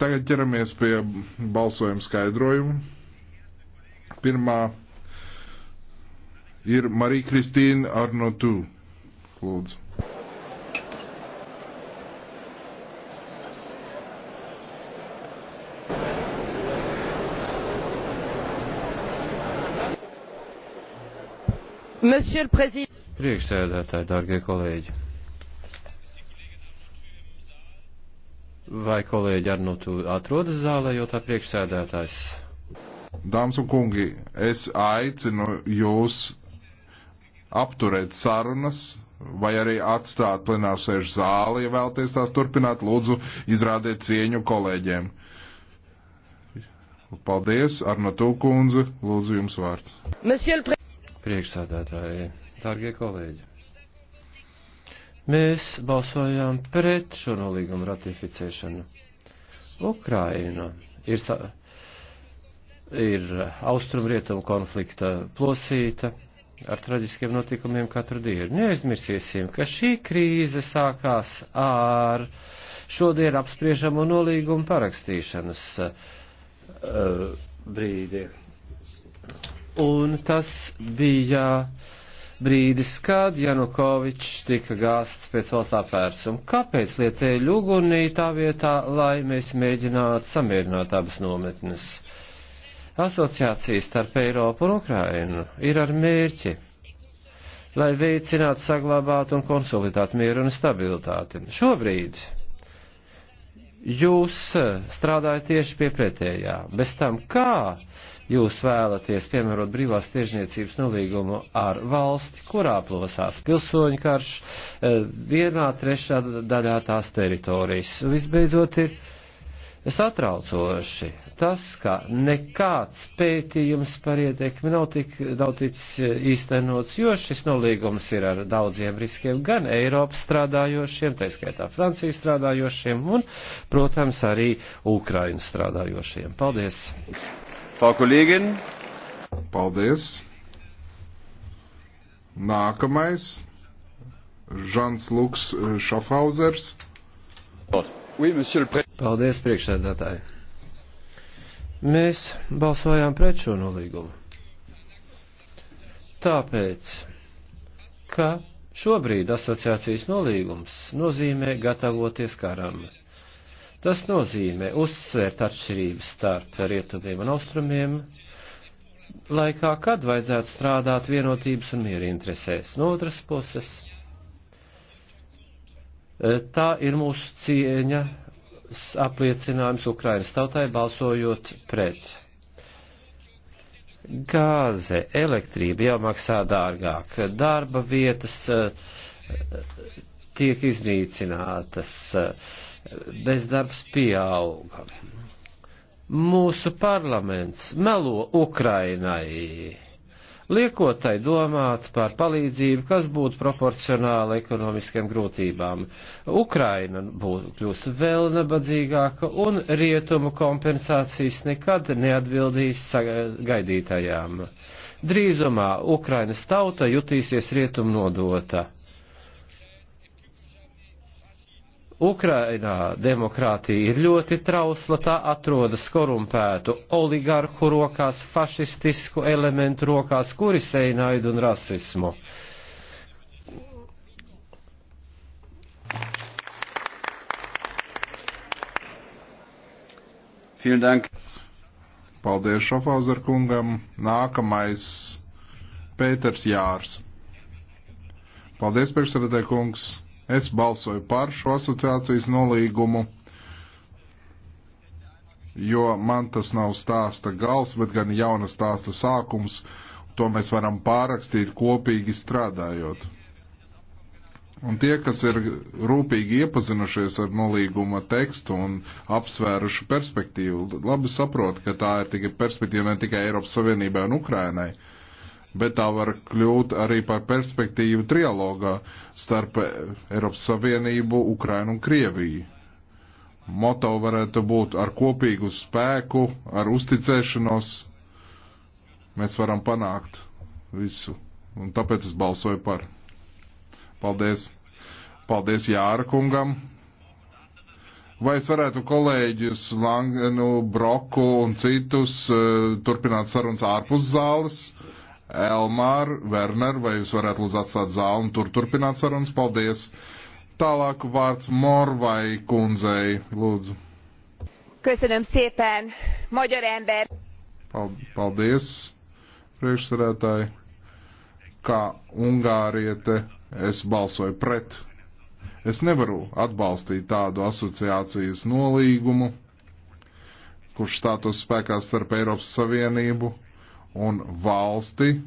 Tagad ķeramies pie balsojuma skaidrojumu. Pirmā ir Marija Kristīna Arnotu. Lūdzu. Priekšsēdētāji, dārgie kolēģi! Vai kolēģi Arnotu nu atrodas zālē, jo tā priekšsēdētājs? Dāmas un kungi, es aicinu jūs apturēt sarunas vai arī atstāt plenārsēžu zāli, ja vēlaties tās turpināt, lūdzu izrādiet cieņu kolēģiem. Paldies, Arnotu kundze, lūdzu jums vārds. Priekšsēdētāji, dārgie kolēģi. Mēs balsojām pret šo nolīgumu ratificēšanu. Ukraina ir, ir austrumrietumu konflikta plosīta ar traģiskiem notikumiem katru dienu. Neaizmirsīsim, ka šī krīze sākās ar šodien apspriežamo nolīgumu parakstīšanas uh, brīdi. Un tas bija uh, brīdis, kad Janukovičs tika gāsts pēc valsts apvērsuma. Kāpēc lietēja ļugunī tā vietā, lai mēs mēģinātu samierināt abas nometnes? Asociācijas starp Eiropu un Ukrainu ir ar mērķi, lai veicinātu, saglabātu un konsolidētu mieru un stabilitāti. Šobrīd jūs eh, strādājat tieši pie pretējā. Bez tam, kā jūs vēlaties piemērot brīvās tiežniecības nolīgumu ar valsti, kurā plosās pilsoņu karš, eh, vienā trešā daļā tās teritorijas. Visbeidzot ir satraucoši tas, ka nekāds pētījums par ietekmi nav tik nav ticis īstenots, jo šis nolīgums ir ar daudziem riskiem gan Eiropas strādājošiem, tā skaitā Francijas strādājošiem un, protams, arī Ukrainas strādājošiem. Paldies! Frau Kollegin! Paldies! Nākamais Žants Luks Šafhauzers. Eh, Paldies. Paldies, priekšsēdētāji. Mēs balsojām pret šo nolīgumu. Tāpēc, ka šobrīd asociācijas nolīgums nozīmē gatavoties karam. Tas nozīmē uzsvērt atšķirības starp rietumiem un austrumiem, laikā, kad vajadzētu strādāt vienotības un miera interesēs. No otras puses, Eh, tā ir mūsu cieņa apliecinājums Ukrainas tautai balsojot pret. Gāze, elektrība jau maksā dārgāk, darba vietas eh, tiek iznīcinātas, bezdarbs pieauga. Mūsu parlaments melo Ukrainai liekot tai domāt par palīdzību, kas būtu proporcionāla ekonomiskiem grūtībām. Ukraina būs, kļūs vēl nabadzīgāka un rietumu kompensācijas nekad neatbildīs gaidītajām. Drīzumā Ukrainas tauta jutīsies rietumu nodota Ukrainā demokrātija ir ļoti trausla, tā atrodas korumpētu oligarhu rokās, fašistisku elementu rokās, kuri sei naidu un rasismu. Paldies Šofauzer kungam. Nākamais Pēters Jārs. Paldies, priekšsēdētāj kungs. Es balsoju par šo asociācijas nolīgumu, jo man tas nav stāsta gals, bet gan jauna stāsta sākums. To mēs varam pārakstīt kopīgi strādājot. Un tie, kas ir rūpīgi iepazinušies ar nolīguma tekstu un apsvēruši perspektīvu, labi saprot, ka tā ir tikai perspektīva ne tikai Eiropas Savienībai un Ukrainai, uh, bet tā var kļūt arī par perspektīvu trialogā starp Eiropas Savienību, Ukrainu un Krieviju. Moto varētu būt ar kopīgu spēku, ar uzticēšanos. Mēs varam panākt visu. Un tāpēc es balsoju par. Paldies. Paldies Jāra kungam. Vai es varētu kolēģus Langenu, Broku un citus uh, turpināt sarunas ārpus zāles? Elmār, Werner, vai jūs varētu lūdzu atstāt zāli un tur turpināt sarunas? Paldies! Tālāk vārds Morvai kundzei, lūdzu. Köszönöm szépen, magyar ember. Paldies, priekšsarētāji. Kā Ungāriete, es balsoju pret. Es nevaru atbalstīt tādu asociācijas nolīgumu, kurš stātos spēkā starp Eiropas Savienību un valsti,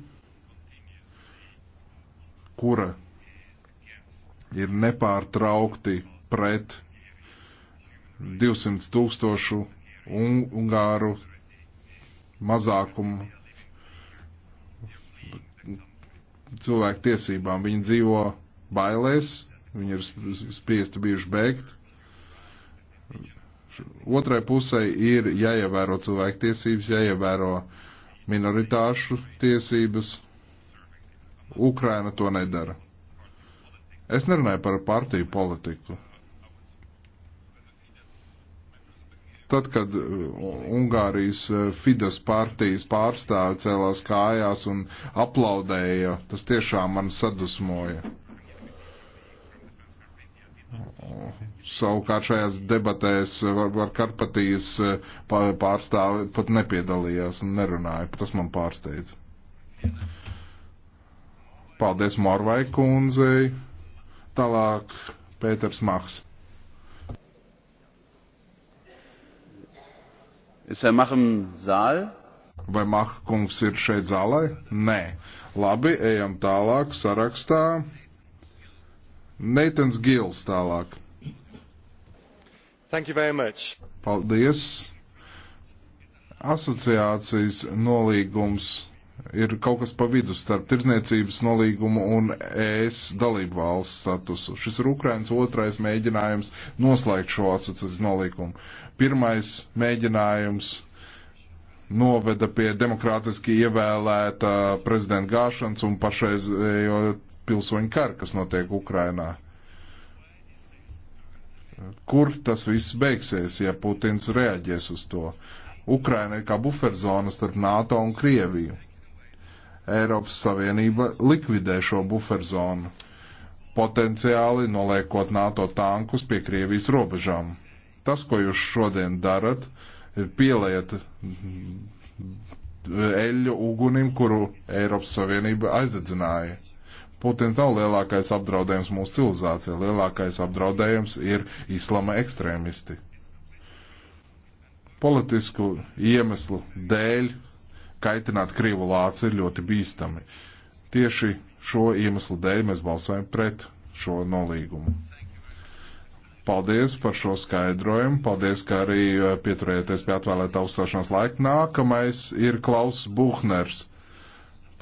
kura ir nepārtraukti pret 200 tūkstošu un ungāru mazākumu cilvēku tiesībām. Viņi dzīvo bailēs, viņi ir spiesti bijuši beigt. Otrai pusē ir jāievēro cilvēku tiesības, jāievēro uh, minoritāšu tiesības. Ukraina to nedara. Es nerunāju par partiju politiku. Tad, kad uh, Ungārijas uh, Fides partijas pārstāvi cēlās kājās un aplaudēja, tas tiešām man sadusmoja. Savukārt šajās debatēs var, var Karpatijas eh, pārstāvi pat nepiedalījās un nerunāja. Tas man pārsteidz. Paldies Morvai kundzei. Tālāk Pēters Mahs. Ist Herr Mach im Saal? Vai Mach kungs ir šeit zālē? Nē. Labi, ejam tālāk sarakstā. Neitans Gils tālāk. Thank you very much. Paldies. Asociācijas nolīgums ir kaut kas pa vidu starp tirdzniecības nolīgumu un ES dalību valsts statusu. Šis ir Ukrainas otrais mēģinājums noslēgt šo asociācijas nolīgumu. Pirmais mēģinājums noveda pie demokrātiski ievēlēta prezidenta gāšanas un pašreizējo pilsoņu karu, kas notiek Ukrainā. Kur tas viss beigsies, ja Putins reaģēs uz to? Ukraina ir kā buferzona starp NATO un Krieviju. Eiropas Savienība likvidē šo buferzonu, potenciāli noliekot NATO tankus pie Krievijas robežām. Tas, ko jūs šodien darat, ir pieliet eļļu ugunim, kuru Eiropas Savienība aizdedzināja. Putins nav lielākais apdraudējums mūsu civilizācijai. Lielākais apdraudējums ir islama ekstrēmisti. Politisku iemeslu dēļ kaitināt Krievu lāci ir ļoti bīstami. Tieši šo iemeslu dēļ mēs balsojam pret šo nolīgumu. Paldies par šo skaidrojumu. Paldies, ka arī uh, pieturējāties pie atvēlētā uzstāšanās laika. Nākamais ir Klaus Buhners,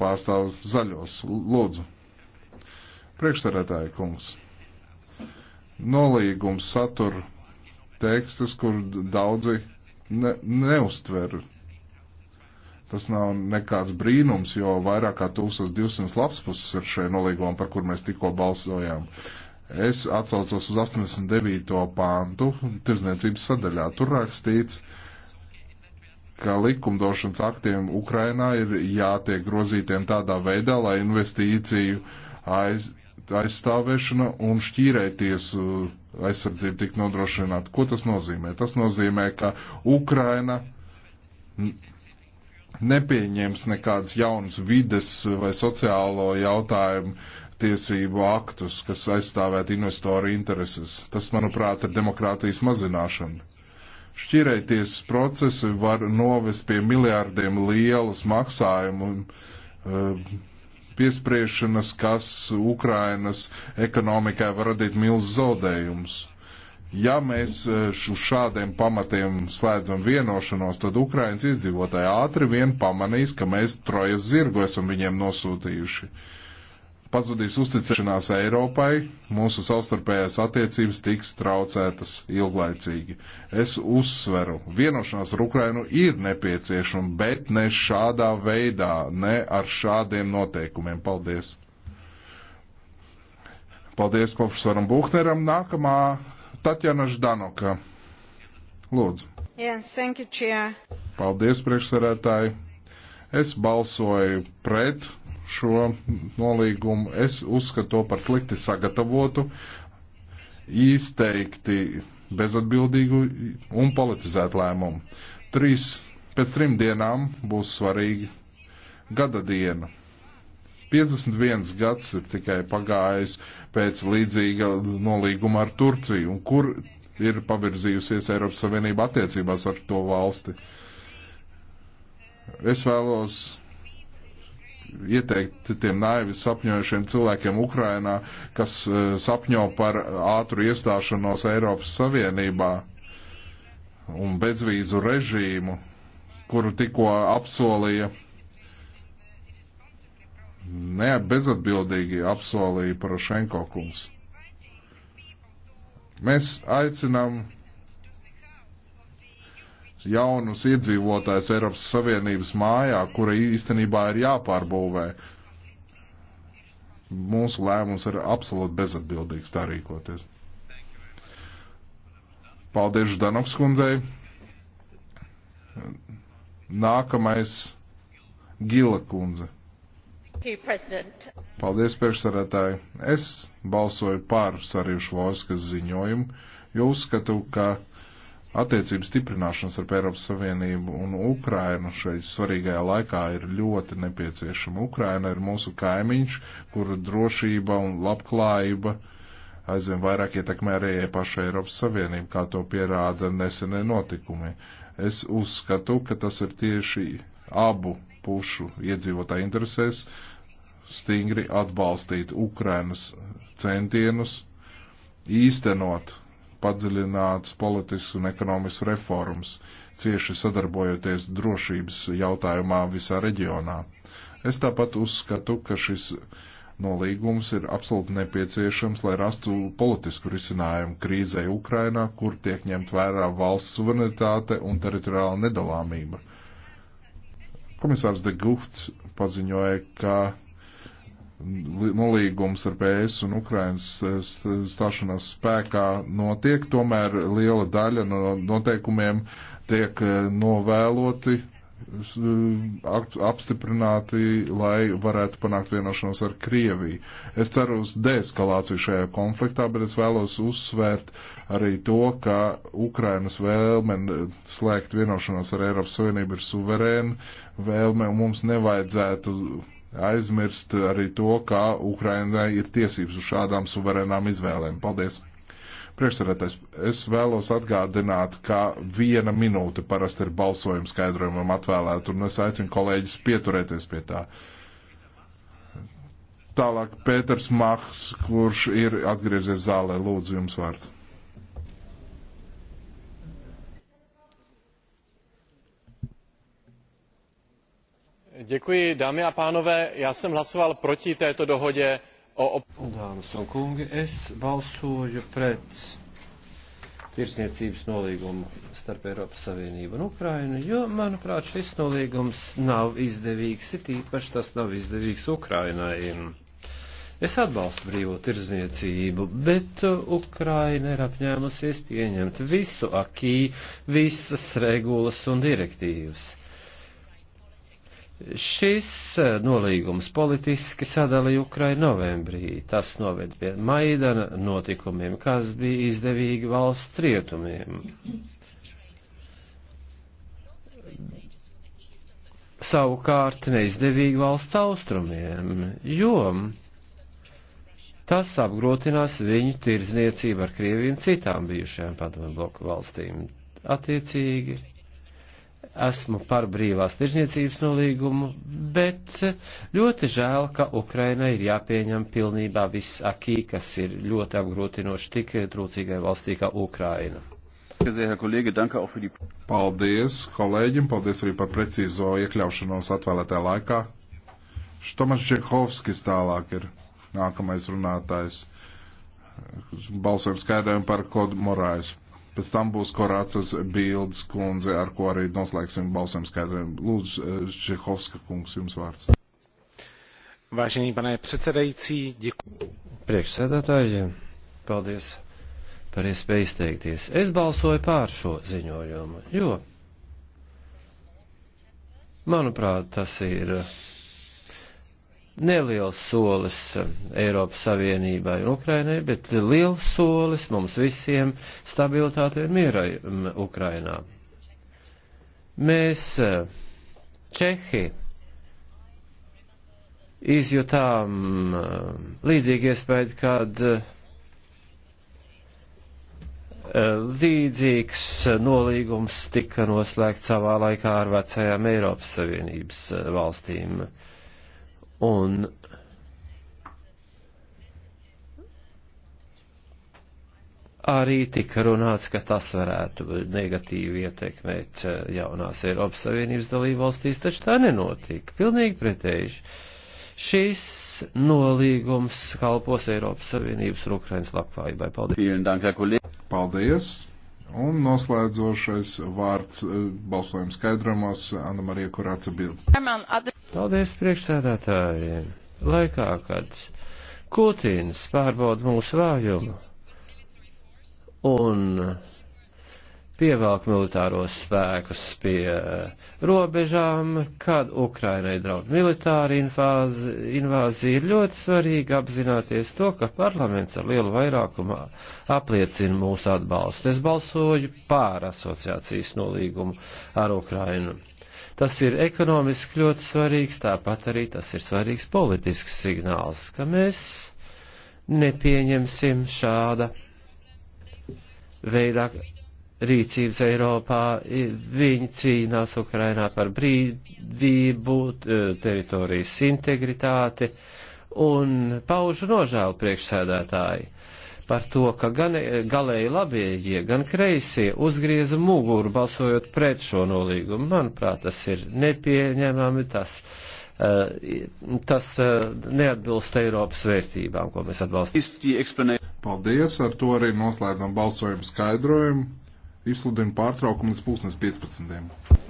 pārstāvs zaļos. Lūdzu. Priekšsarētāja kungs. Nolīgums satur tekstus, kur daudzi ne, neustver. Tas nav nekāds brīnums, jo vairāk kā 1200 lapspuses ir šajā nolīgumā, par kur mēs tikko balsojām. Es atsaucos uz 89. pāntu tirzniecības sadaļā. Tur rakstīts, ka likumdošanas aktiem Ukrainā ir jātiek grozītiem tādā veidā, lai investīciju aiz, aizstāvēšana un šķīrēties uh, aizsardzība tik nodrošināta. Ko tas nozīmē? Tas nozīmē, ka Ukraina nepieņems nekādas jaunas vides vai sociālo jautājumu tiesību aktus, kas aizstāvētu investoru intereses. Tas, manuprāt, ir demokrātijas mazināšana. Šķirēties procesi var novest pie miljārdiem lielas maksājumu. Uh, piespriešanas, kas Ukrainas ekonomikai var radīt milz zaudējumus. Ja mēs e, uz šādiem pamatiem slēdzam vienošanos, tad Ukrainas iedzīvotāji ātri vien pamanīs, ka mēs trojas zirgu esam viņiem nosūtījuši. Uh, pazudīs uzticēšanās Eiropai, mūsu savstarpējās attiecības tiks traucētas ilglaicīgi. Es uzsveru, vienošanās ar Ukrainu ir nepieciešama, bet ne šādā veidā, ne ar šādiem noteikumiem. Paldies! Paldies profesoram Buhneram. Nākamā Tatjana Ždanoka. Lūdzu. Yes, thank you, Chair. Paldies, priekšsarētāji. Es balsoju pret šo nolīgumu. Es uzskatu to par slikti sagatavotu, izteikti bezatbildīgu un politizētu lēmumu. Trīs, pēc trim dienām būs svarīga gada diena. 51 gads ir tikai pagājis pēc līdzīga nolīguma ar Turciju, un kur ir pavirzījusies Eiropas Savienība attiecībās ar to valsti. Es vēlos ieteikt tiem naivi sapņojušiem cilvēkiem Ukrainā, kas eh, sapņo par ātru iestāšanos Eiropas Savienībā un bezvīzu režīmu, kuru tikko apsolīja, ne bezatbildīgi apsolīja Porošenko kungs. Mēs aicinām jaunus iedzīvotājus Eiropas Savienības mājā, kura īstenībā ir jāpārbūvē. Mūsu lēmums ir absolūti bezatbildīgs tā rīkoties. Paldies Danoks kundzei. Nākamais Gila kundze. Paldies, priekšsarētāji. Es balsoju par Sarīšu Voskas ziņojumu, jo uzskatu, ka attiecību stiprināšanas ar Eiropas Savienību un Ukrainu šai svarīgajā laikā ir ļoti nepieciešama. Ukraina ir mūsu kaimiņš, kur drošība un labklājība aizvien vairāk ietekmē arī pašu Eiropas Savienību, kā to pierāda nesenie notikumi. Es uzskatu, ka tas ir tieši abu pušu iedzīvotāju interesēs stingri atbalstīt Ukrainas centienus īstenot padziļināts politisks un ekonomisks reformas, cieši sadarbojoties drošības jautājumā visā reģionā. Es tāpat uzskatu, ka šis nolīgums ir absolūti nepieciešams, lai rastu politisku risinājumu krīzei Ukrainā, kur tiek ņemt vērā valsts suverenitāte un teritoriāla nedalāmība. Komisārs de Guhts paziņoja, ka nolīgums ar PS un Ukrainas eh, stāšanās spēkā notiek, tomēr liela daļa no noteikumiem tiek eh, novēloti, eh, apstiprināti, lai varētu panākt vienošanos ar Krieviju. Es ceru uz deeskalāciju šajā konfliktā, bet es vēlos uzsvērt arī to, ka Ukrainas vēlme slēgt vienošanos ar Eiropas Savienību ir suverēna vēlme, un mums nevajadzētu aizmirst arī to, ka Ukrainai ir tiesības uz šādām suverēnām izvēlēm. Paldies! Priekšsarētais, es vēlos atgādināt, ka viena minūte parasti ir balsojuma skaidrojumam atvēlēta, un es aicinu kolēģis pieturēties pie tā. Tālāk Pēters Mahs, kurš ir atgriezies zālē, lūdzu jums vārds. dámy a pánové já jsem hlasoval proti této dohodě o. dāmas un kungi es balsoju pret tirsniecības nolīgumu starp Eiropas Savienību un Ukrainu, jo, manuprāt, šis nolīgums nav izdevīgs, it īpaši tas nav izdevīgs Ukrainai. Es atbalstu brīvo tirzniecību, bet Ukraina ir apņēmusies pieņemt visu akī, visas regulas un direktīvas Šis eh, nolīgums politiski sadalīja Ukrainu novembrī. Tas noved pie Maidana notikumiem, kas bija izdevīgi valsts rietumiem. Savukārt neizdevīgi valsts austrumiem, jo tas apgrotinās viņu tirzniecību ar Krieviju un citām bijušajām padomu bloku valstīm. Attiecīgi esmu par brīvās tirzniecības nolīgumu, bet ļoti žēl, ka Ukraina ir jāpieņem pilnībā viss akī, kas ir ļoti apgrūtinoši tik trūcīgai valstī kā Ukraina. Paldies kolēģim, paldies arī par precīzo iekļaušanos atvēlētā laikā. Štomas Čehovskis tālāk ir nākamais runātājs. Balsojam skaidrojumu par Klodu Morājas. Pēc tam būs Korācas bildes kundze, ar ko arī noslēgsim balsojumu skaidrojumu. Lūdzu, Šehovska eh, kungs, jums vārds. Vážený pane předsedající, děkuji. Priekšsēdētāji, paldies par iespēju izteikties. Es balsoju pār šo ziņojumu, jo, manuprāt, tas ir neliels solis eh, Eiropas Savienībai un Ukrainai, bet liels solis mums visiem stabilitātei un mierai Ukrainā. Mēs, eh, Čehi, izjutām eh, līdzīgi iespēju, kad līdzīgs nolīgums tika noslēgts savā laikā ar vecajām Eiropas Savienības valstīm. Uh, Un arī tika runāts, ka tas varētu negatīvi ietekmēt eh, jaunās Eiropas Savienības dalību valstīs, taču tā nenotika. Pilnīgi pretēji. Šis nolīgums kalpos Eiropas Savienības un Ukrainas labklājībai. Paldies! Paldies! Un noslēdzošais vārds eh, balsojuma skaidrumos Anna Marija Kurāca Bilda. Paldies priekšsēdētājiem. Laikā, kad Putīns pārbauda mūsu vājumu un pievelk militāros spēkus pie eh, robežām, kad Ukrainai draud militāra invāzi, invāzija, ir ļoti svarīgi apzināties to, ka parlaments ar lielu vairākumu apliecina mūsu atbalstu. Es balsoju pār asociācijas nolīgumu ar Ukrainu. Tas ir ekonomiski ļoti svarīgs, tāpat arī tas ir svarīgs politisks signāls, ka mēs nepieņemsim šāda veidā rīcības Eiropā. Viņi cīnās Ukrainā par brīvību, teritorijas integritāti un paužu nožēlu priekšsēdētāji par to, ka gan galēji labējie, gan kreisie uzgrieza muguru balsojot pret šo nolīgumu. Manuprāt, tas ir nepieņemami, tas, eh, tas eh, neatbilst Eiropas vērtībām, ko mēs atbalstam. Paldies, ar to arī noslēdzam balsojumu skaidrojumu. Izsludinu pārtraukumu līdz 15.